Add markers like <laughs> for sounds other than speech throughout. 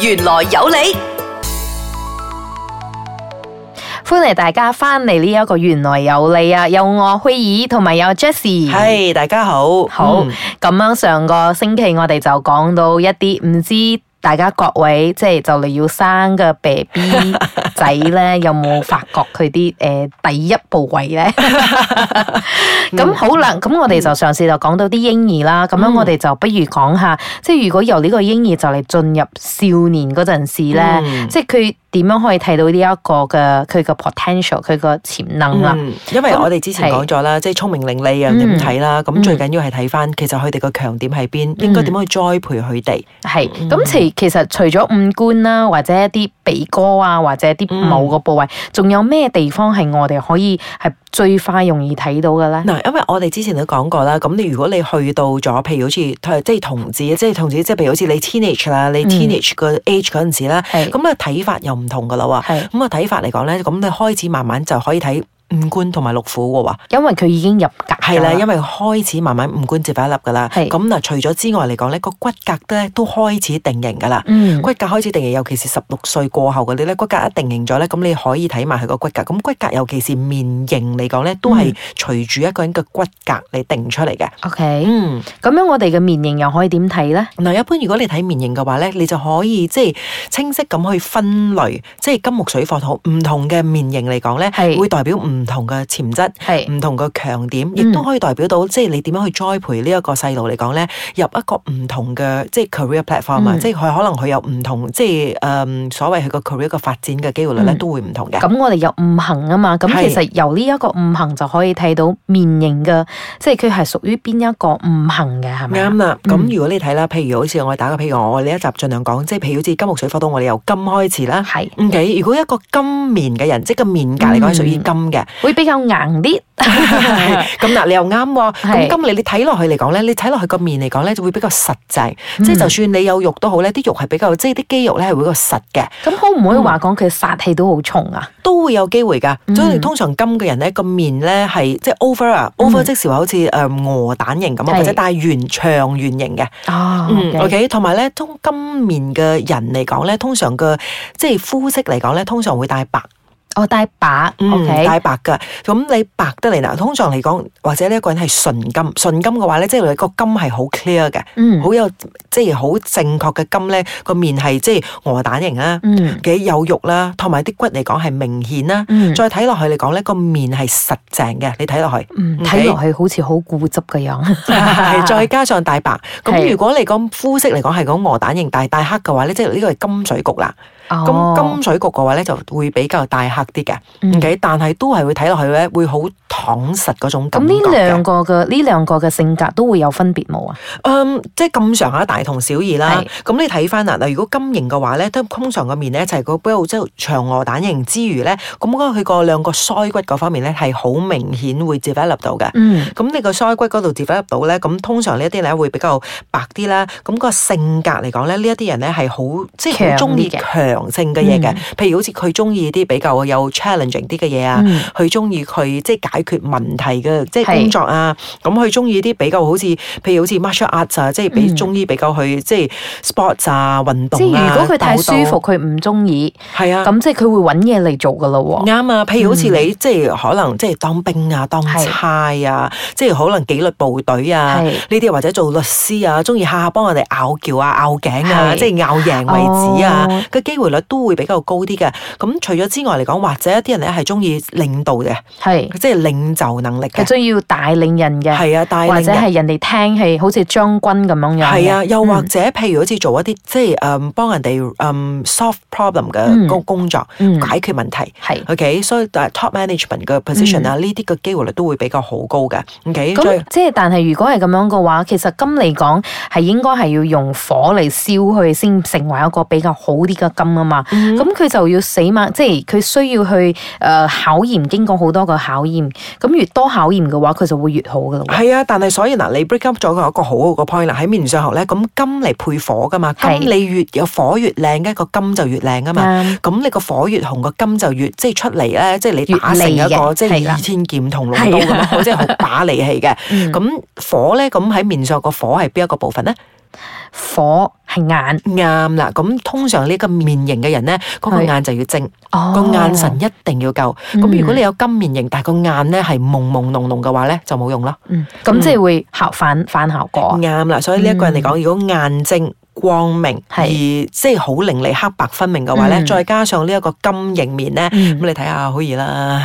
玄來有理，歡迎大家翻嚟呢一個玄來有理啊！有我希爾同埋有 Jesse，i 係大家好，好咁、嗯、樣上個星期我哋就講到一啲唔知大家各位即係就嚟、是、要生嘅 baby。 <laughs> 仔 <laughs> 咧有冇發覺佢啲誒第一部位咧？咁、 <laughs> <laughs> 嗯、好啦，咁我哋就嘗試就講到啲嬰兒啦，咁、嗯、樣我哋就不如講下，即係如果由呢個嬰兒就嚟進入少年陣時咧、嗯，即係佢點樣可以睇到呢一個嘅佢個 potential 佢個潛能啦、啊嗯。因為我哋之前講咗啦，即係聰明伶俐又點睇啦，咁、嗯、最緊要係睇翻其實佢哋個強點喺邊、嗯、應該點樣去栽培佢哋。係咁其其實除咗五官啦，或者一啲鼻哥啊，或者啲。嗯、某個部位，仲有咩地方係我哋可以係最快容易睇到嘅咧？嗱，因為我哋之前都講過啦，咁你如果你去到咗，譬如好似即係童子，即係童子，即係譬如好似你 teenage 啦，你 teenage 個 age 嗰陣時咧，咁咧睇法又唔同噶啦喎。咁啊睇法嚟講咧，咁你開始慢慢就可以睇五官同埋六腑喎，因為佢已經入格㗎。係啦，因為開始慢慢五官接返一粒㗎啦。咁嗱，除咗之外嚟講咧，個骨骼咧都開始定型㗎啦。嗯。骨骼開始定型，尤其是十六歲過後嘅你咧，骨骼一定型咗咧，咁你可以睇埋佢個骨骼。咁骨骼尤其是面型嚟講咧，都係隨住一個人嘅骨骼嚟定出嚟嘅。O K。嗯。咁、嗯 okay。樣我哋嘅面型又可以點睇咧？嗱，一般如果你睇面型嘅話咧，你就可以即係清晰咁去分類，即係金木水火土唔同嘅面型嚟講咧，會代表唔同嘅潛質，係、唔同嘅強點，亦、嗯、都可以代表到即係你點樣去栽培呢一個細路嚟講咧，入一個唔同嘅即係 career platform 啊、嗯，即係佢可能佢有唔同即係誒、呃、所謂佢個 career 嘅發展嘅機會率咧、嗯，都會唔同嘅。咁我哋有五行啊嘛，咁其實由呢一個五行就可以睇到面型嘅，即係佢係屬於邊一個五行嘅，係咪？啱啦，咁、嗯、如果你睇啦，譬如好似我打個譬如我呢一集盡量講，即係譬如好似金木水火土，我哋由金開始啦。係、嗯。如果一個金面嘅人，嗯、即係個面格嚟講係屬於金嘅。會比較硬啲，咁 <laughs> 嗱、哦，你又啱。咁金你你睇落去嚟講咧，你睇落去個面嚟講咧，就會比較實淨、嗯。即係就算你有肉都好咧，啲肉係比較，即係啲肌肉咧係、嗯、會比較實嘅。咁可唔可以話講佢殺氣都好重啊？都會有機會噶。所以你通常金嘅人咧個面咧係即係 over 啊、嗯、，over 即係話好似誒鵝蛋型咁啊，或者帶圓長圓形嘅。o k 同埋咧，通、嗯 okay、金面嘅人嚟講咧，通常嘅即係膚色嚟講咧，通常會帶白。哦，帶白，嗯，帶、okay、帶白㗎。咁你白得嚟喇，通常嚟講，或者呢一個人係純金，純金嘅話咧，即係個金係好 clear 嘅，好有即係好正確嘅金咧，個面係即係鵝蛋型啦，嗯，幾有、那個嗯、有肉啦，同埋啲骨嚟講係明顯啦、嗯，再睇落去嚟講咧，那個面係實淨嘅，你睇落去，睇、嗯、落、okay? 去好似好固執嘅樣，係， <laughs> <laughs> 再加上帶白，咁如果你講膚色嚟講係講鵝蛋型，但係帶黑嘅話咧，即係呢個係金水局啦。咁金水局嘅話咧就會比較大黑啲嘅，嗯，但係都係會睇落去咧會好躺實嗰種感覺。咁呢兩個嘅呢兩個嘅性格都會有分別冇啊？嗯，即係咁上下大同小異啦。咁你睇翻嗱，嗱如果金型嘅話咧，通常個面咧就係個，即係長鵝蛋型之餘咧，咁佢個兩個腮骨嗰方面咧係好明顯會接翻入到嘅。咁、嗯、你個腮骨嗰度接翻入到咧，咁通常呢一啲咧會比較白啲啦。咁、那個性格嚟講咧，呢、就是、一啲人咧係好即係好中意強。性嘅嘢嘅，譬如好似佢中意啲比較有 challenging 啲嘅嘢啊，佢中意佢即係解決問題嘅即係工作啊，咁佢中意啲比較好似，譬如好似 martial arts 啊，即係比中意比較去即係 sport 啊運動，即係如果佢太舒服，佢唔中意，係啊，咁即係佢會揾嘢嚟做噶咯啱啊，譬如好似你即係、嗯、可能即係當兵啊、當差啊，即係可能紀律部隊啊呢啲，或者做律師啊，中意下下幫人哋拗撬啊、拗頸啊，即係拗贏為止啊，個、哦、機會率都會比較高啲嘅。咁除咗之外嚟講，或者一啲人咧係中意領導嘅，係即係領袖能力，嘅，係需要帶領人嘅，係啊，帶領人或者係人哋聽係好似將軍咁樣樣，係啊，又或者譬、嗯、如好似做一啲即係誒幫人哋誒 solve problem 嘅工工作、嗯，解決問題，係 O K，所以誒 top management 嘅 position 啊、嗯，呢啲嘅機會率都會比較好高嘅。O K，咁即係但係如果係咁樣嘅話，其實金嚟講係應該係要用火嚟燒去先成為一個比較好啲嘅金。啊、嗯、嘛，咁佢就要死嘛，即係佢需要去誒、呃、考驗，經過好多個考驗。咁越多考驗嘅話，佢就會越好嘅。係啊，但係所以嗱，你 break up 咗佢有一個好好個 point 啦。喺面上學咧，咁金嚟配火噶嘛，咁你越有火越靚，咧個金就越靚噶嘛。咁、嗯、你個火越紅，個金就越即係出嚟咧，即係你打成一個即係二千劍同龍刀咁咯，即係好把利器嘅。咁、 <laughs> 嗯、火咧，咁喺面上個火係邊一個部分咧？火係眼，啱啦，咁通常呢個面型嘅人呢，嗰、嗰個眼就要精，oh. 個眼神一定要夠。咁、mm. 如果你有金面型，但係個眼呢係朦朦朧朧嘅話呢，就冇用咯。咁、mm. 嗯，即係會效反反效果。啱啦，所以呢一個人嚟講，mm. 如果眼精。光明而即係好凌厲黑白分明嘅話咧、嗯，再加上呢一個金型面咧，咁、嗯、你睇下好易啦，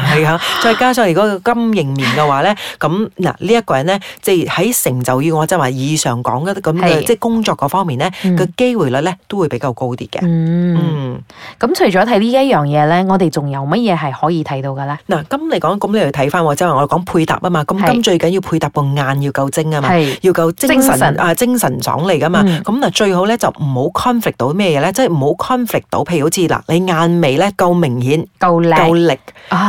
係啊！呵呵再加上如果金型面嘅話咧，咁嗱呢一個人咧，即係喺成就要我即係話以上講嘅咁嘅即係工作嗰方面咧嘅、嗯、機會率咧都會比較高啲嘅。咁、嗯嗯、除咗睇呢一樣嘢咧，我哋仲有乜嘢係可以睇到嘅咧？嗱，金嚟講，咁你又睇翻即係我講配搭啊嘛，咁金最緊要配搭個眼要夠精啊嘛，要夠精，精神啊，精神爽利噶嘛，咁、嗯、嗱最好。咧就唔好 conflict 到咩嘢咧，即係唔好 conflict 到，譬如好似嗱，你眼眉咧夠明顯、夠靚、夠力，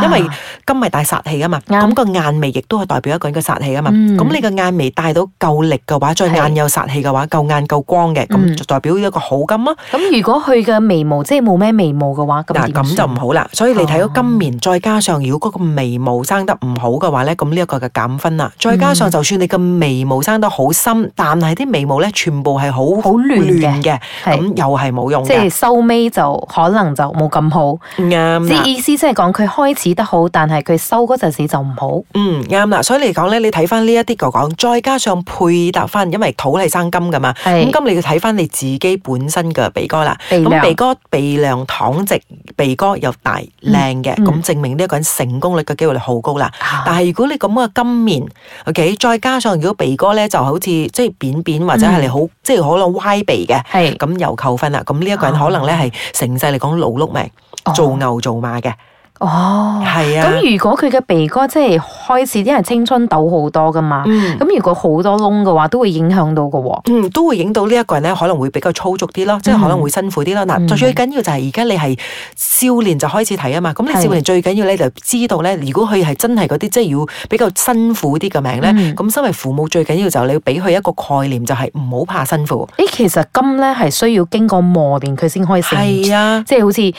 因為金係帶煞氣啊嘛。咁個眼眉亦都係代表一個人嘅煞氣啊嘛。咁你個眼眉帶到夠力嘅話，再眼又煞氣嘅話，夠眼夠光嘅，咁就代表一個好金咯。咁如果佢嘅眉毛即係冇咩眉毛嘅話，嗱，咁就唔好啦。所以你睇到金面，再加上如果個眉毛生得唔好嘅話咧，咁呢一個嘅減分啦。再加上就算你嘅眉毛生得好深，但係啲眉毛咧全部係好好亂。亂嘅，咁又係冇用嘅，即係收尾就可能就冇咁好。啱，即意思即係講佢開始得好，但係佢收嗰陣時就唔好。嗯，啱啦。所以嚟講咧，你睇翻呢一啲個講，再加上配搭翻，因為土係生金噶嘛。係咁，今你要睇翻你自己本身嘅鼻哥啦。鼻鼻哥鼻梁躺直，鼻哥又大靚嘅，咁、嗯嗯、證明呢一個人成功率嘅機會率好高啦、嗯。但係如果你咁嘅金面，ok，再加上如果鼻哥咧就好似即係扁扁或者係你好即係可能歪。嘅，係咁又扣分啦。咁呢一個人可能咧係成世嚟講勞碌命，做牛做馬嘅。哦哦，係啊。咁如果佢嘅鼻哥即係開始因為青春痘好多噶嘛，咁、嗯、如果好多窿嘅話，都會影響到噶喎、哦。嗯，都會影到呢一個人咧，可能會比較粗俗啲咯，即、嗯、係、就是、可能會辛苦啲咯。嗱、嗯，最緊要就係而家你係少年就開始睇啊嘛。咁、嗯、你少年最緊要你就知道咧，如果佢係真係嗰啲即係要比較辛苦啲嘅名咧，咁、嗯、身為父母最緊要就你要俾佢一個概念，就係唔好怕辛苦。誒，其實金咧係需要經過磨練佢先可以成，係啊，即係好似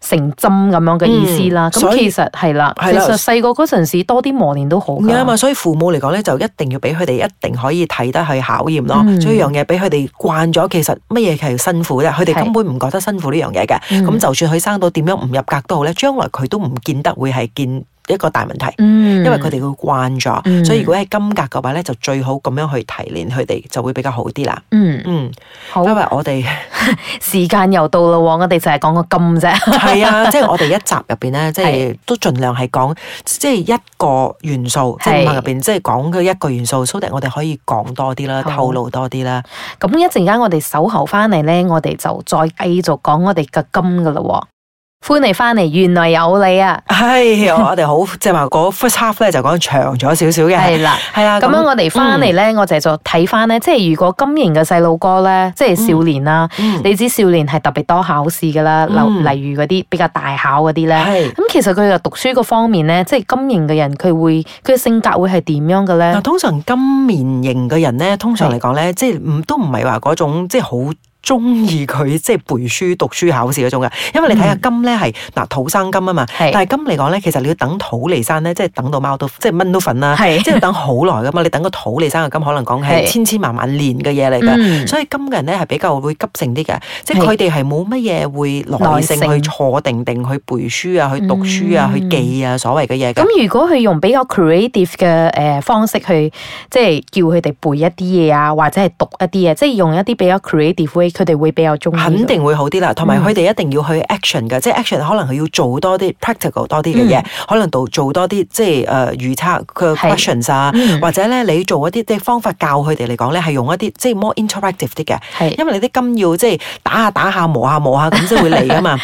成針咁樣嘅意思啦、嗯。咁其實係啦，其實細個嗰陣時多啲磨練都好㗎嘛。所以父母嚟講咧，就一定要俾佢哋一定可以睇得去考驗咯。嗯、所以樣嘢俾佢哋慣咗，其實乜嘢係辛苦啫？佢哋根本唔覺得辛苦呢樣嘢嘅。咁就算佢生到點樣唔入格都好咧，將來佢都唔見得會係見一個大問題，因為佢哋會慣咗、嗯，所以如果係金格嘅話咧，就最好咁樣去提煉佢哋就會比較好啲啦。嗯嗯，好，因為我哋 <laughs> 時間又到啦，我哋就係講個金啫。係 <laughs> 啊，即係我哋一集入邊咧，即係都盡量係講即係一個元素，即係入邊即係講佢一個元素。蘇迪，我哋可以講多啲啦，透露多啲啦。咁一陣間我哋守候翻嚟咧，我哋就再繼續講我哋嘅金噶啦。歡迎翻嚟，原來有你啊！係、哎、我哋好，即係話嗰 first half 咧就講了長咗少少嘅。係啦，係啊。咁樣我哋翻嚟咧，我就做睇翻咧。即係如果金型嘅細路哥咧，即係少年啦、嗯，你知少年係特別多考試噶啦、嗯，例如嗰啲比較大考嗰啲咧。咁、嗯，其實佢就讀書個方面咧，即係金型嘅人，佢會佢嘅性格會係點樣嘅咧？通常金面型嘅人咧，通常嚟講咧，即係唔都唔係話嗰種即係好。中意佢即係背書、讀書、考試嗰種嘅，因為你睇下金咧係嗱土生金啊嘛，是但係金嚟講咧，其實你要等土嚟生咧，即係等到貓都，即係蚊都瞓啦，即係等好耐噶嘛。你等個土嚟生嘅金，可能講係千千萬萬年嘅嘢嚟嘅，所以金嘅人咧係比較會急性啲嘅，即係佢哋係冇乜嘢會耐性去坐定定去背書啊、去讀書啊、嗯、去記啊、嗯、所謂嘅嘢。咁如果佢用比較 creative 嘅誒方式去即係、就是、叫佢哋背一啲嘢啊，或者係讀一啲啊，即、就、係、是、用一啲比較 creative。佢哋會比較中，肯定會好啲啦。同埋佢哋一定要去 action 嘅，嗯、即係 action 可能佢要做多啲 practical 多啲嘅嘢，嗯、可能做多啲即係誒預測嘅 questions 啊，嗯、或者咧你做一啲即係方法教佢哋嚟講咧，係用一啲即係 more interactive 啲嘅。因為你啲金要即係打下打下磨下磨下磨下咁即會嚟噶嘛。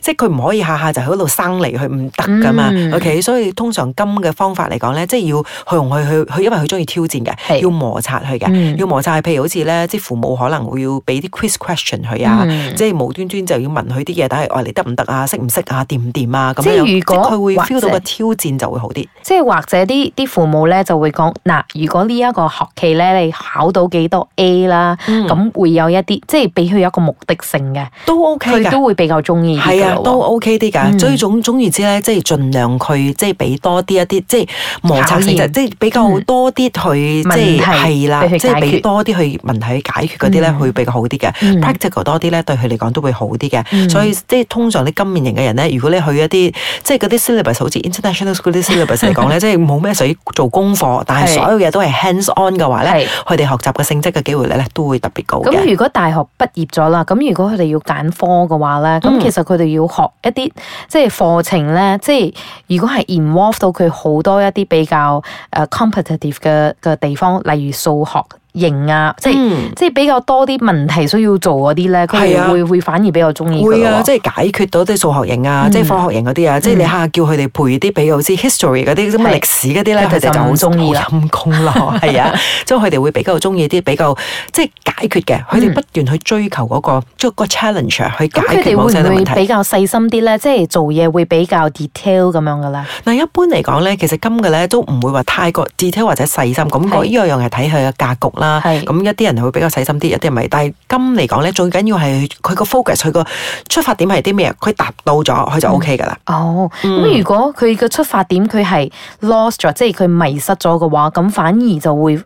即係佢唔可以下下就喺度生嚟，佢唔得噶嘛。嗯、o、okay? K，所以通常金嘅方法嚟講咧，即係要去用佢，去因為佢中意挑戰嘅，要摩擦佢嘅，要摩擦。譬、嗯、如好似咧，即係父母可能會要俾啲。Quiz question 佢、嗯、啊，即係無端端就要問佢啲嘢，但係話，嚟得唔得啊？識唔識啊？掂唔掂啊？咁、啊、即係如果佢會 feel 到個挑戰就會好啲。即係或者啲啲父母咧就會講，嗱，如果呢一個學期咧你考到幾多 A 啦，嗯，咁會有一啲即係俾佢一個目的性嘅，都 OK 嘅，都會比較中意，這個。係啊，都 OK 啲㗎，嗯。所以總總言之咧，即係盡量佢即係俾多啲一啲即係摩擦性，即係、就是、比較多啲去、嗯、即係係啦，即係俾多啲去問題去解決嗰啲咧，會比較好啲。Mm. Practical 多啲咧，對佢嚟講都會好啲嘅。Mm. 所以即係通常啲金面型嘅人咧，如果你去一啲即係嗰啲 syllabus，好似 international 嗰啲 syllabus 嚟講咧，即係冇咩需要做功課， <laughs> 但係所有嘢都係 hands on 嘅話咧，佢哋學習嘅性質嘅機會呢咧都會特別高。咁如果大學畢業咗啦，咁如果佢哋要揀科嘅話咧，咁其實佢哋要學一啲、mm. 即係課程咧，即係如果係 involve 到佢好多一啲比較 competitive 嘅嘅地方，例如數學。型啊，即係、嗯、即係比較多啲問題需要做嗰啲咧，佢哋會、啊、會反而比較中意會啊，即係解決到啲數學型啊，嗯、即係科學型嗰啲啊，嗯、即係你下叫佢哋培啲比較似 history 嗰啲咁嘅歷史嗰啲咧，佢哋就好中意啦，好陰功咯，係 <laughs> 啊，即係佢哋會比較中意啲比較即係 <laughs> 解決嘅，佢、嗯、哋不斷去追求嗰、嗰個即係、嗰個 challenge 去解決冇晒問題。比較細心啲咧，即係做嘢會比較 detail 咁樣噶啦。嗱，一般嚟講咧，其實今嘅咧都唔會話太過 detail 或者細心，咁呢個樣係睇佢嘅格局。咁一啲人會比較細心啲，一啲人唔係。但係金嚟講咧，最緊要係佢個 focus，佢個出發點係啲咩？佢達到咗，佢就 OK 噶啦。哦，咁、嗯、如果佢個出發點佢係 lost 咗，即係佢迷失咗嘅話，咁反而就會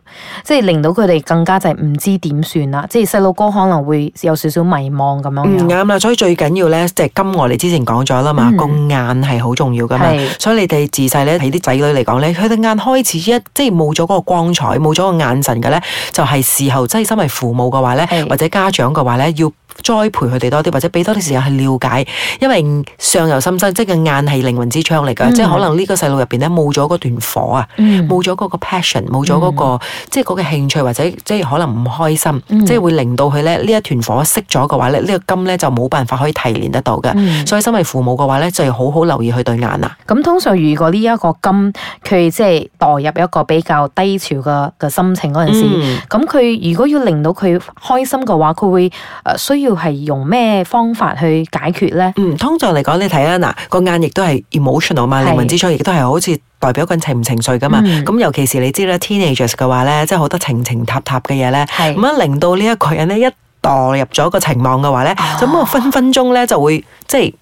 即係、就是、令到佢哋更加就係唔知點算啦。即係細路哥可能會有少少迷茫咁樣樣。啱、嗯、啦，所以最緊要咧，即、就、係、是、金我哋之前講咗啦嘛、嗯，個眼係好重要噶嘛。所以你哋自細咧睇啲仔女嚟講咧，佢對眼開始一即係冇咗嗰個光彩，冇咗個眼神嘅咧。就是事後真係身為父母嘅話咧，或者家長嘅話咧要，栽培佢哋多啲，或者俾多啲時間去了解，因為上游心生，即係眼係靈魂之窗嚟噶，即係可能呢個細路入面咧冇咗嗰段火啊，冇咗嗰個 passion，冇咗嗰個即係嗰個興趣或者即係可能唔開心，嗯、即係會令到佢咧呢一團火熄咗嘅話咧，呢、呢個金咧就冇辦法可以提煉得到嘅、嗯。所以身為父母嘅話咧，就要好好留意佢對眼啊。咁、嗯、通常如果呢一個金佢即係墮入一個比較低潮嘅嘅心情嗰陣時，咁、嗯、佢如果要令到佢開心嘅話，佢會誒需要。要係用咩方法去解決咧？嗯，通常嚟講，你睇啊，嗱個眼亦都係 emotional 啊嘛，靈魂之窗亦都係好似代表緊情唔情情緒噶嘛。咁尤其是你知啦，teenagers 嘅話咧，即係好多情情塔塔嘅嘢咧，咁啊令到呢一,一個人咧一墮入咗個情網嘅話咧，咁、啊、我分分鐘咧就會即係。就是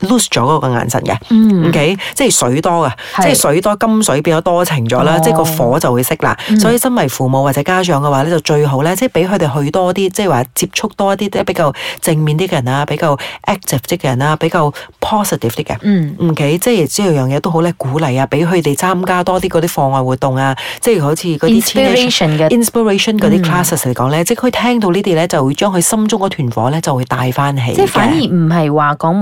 lose 咗嗰個眼神嘅，OK，、嗯、即係水多噶，即係水多金水比較多情咗啦、哦，即係個火就會熄啦、嗯。所以身為父母或者家長嘅話咧，就最好咧，即係俾佢哋去多啲，即係話接觸多一啲啲、嗯、比較正面啲嘅人啊，比較 active 啲嘅人啊，比較 positive 啲嘅。OK，、嗯、即係即係樣嘢都好呢，鼓勵啊，俾佢哋參加多啲嗰啲課外活動啊，即係好似嗰啲 inspiration 嘅 inspiration 嗰啲、嗯、classes 嚟講咧，即係佢聽到呢啲咧，就會將佢心中嗰團火咧，就會帶翻起。即反而唔係話講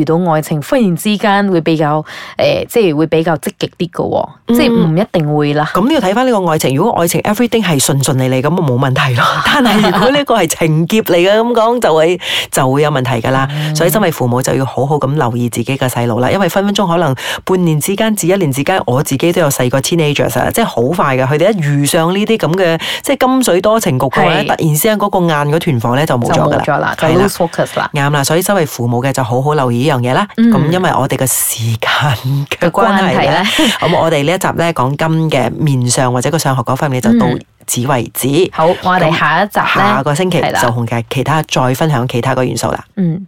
遇到愛情，忽然之間會比較誒、呃，即係會比較積極啲嘅、嗯，即係唔一定會啦。咁要睇翻呢個愛情。如果愛情 everything 係順順利利，咁冇問題咯。但係如果呢個係情劫嚟嘅，咁 <laughs> 講就會就會有問題噶啦、嗯。所以身為父母就要好好咁留意自己嘅細路啦。因為分分鐘可能半年之間至一年之間，我自己都有細個 teenagers 啦，即係好快嘅。佢哋一遇上呢啲咁嘅即係金水多情局嘅話，突然之間嗰個硬嗰團房咧就冇咗嘅啦，就 lose focus 啦，啱啦，所以身為父母嘅就好好留意。樣嘢啦，咁因為我哋個時間嘅關係咧，咁、嗯、我哋呢一集咧講金嘅面相或者個上頜嗰方面就到此為止。嗯、好，我哋下一集呢下個星期就同其他再分享其他個元素啦。嗯。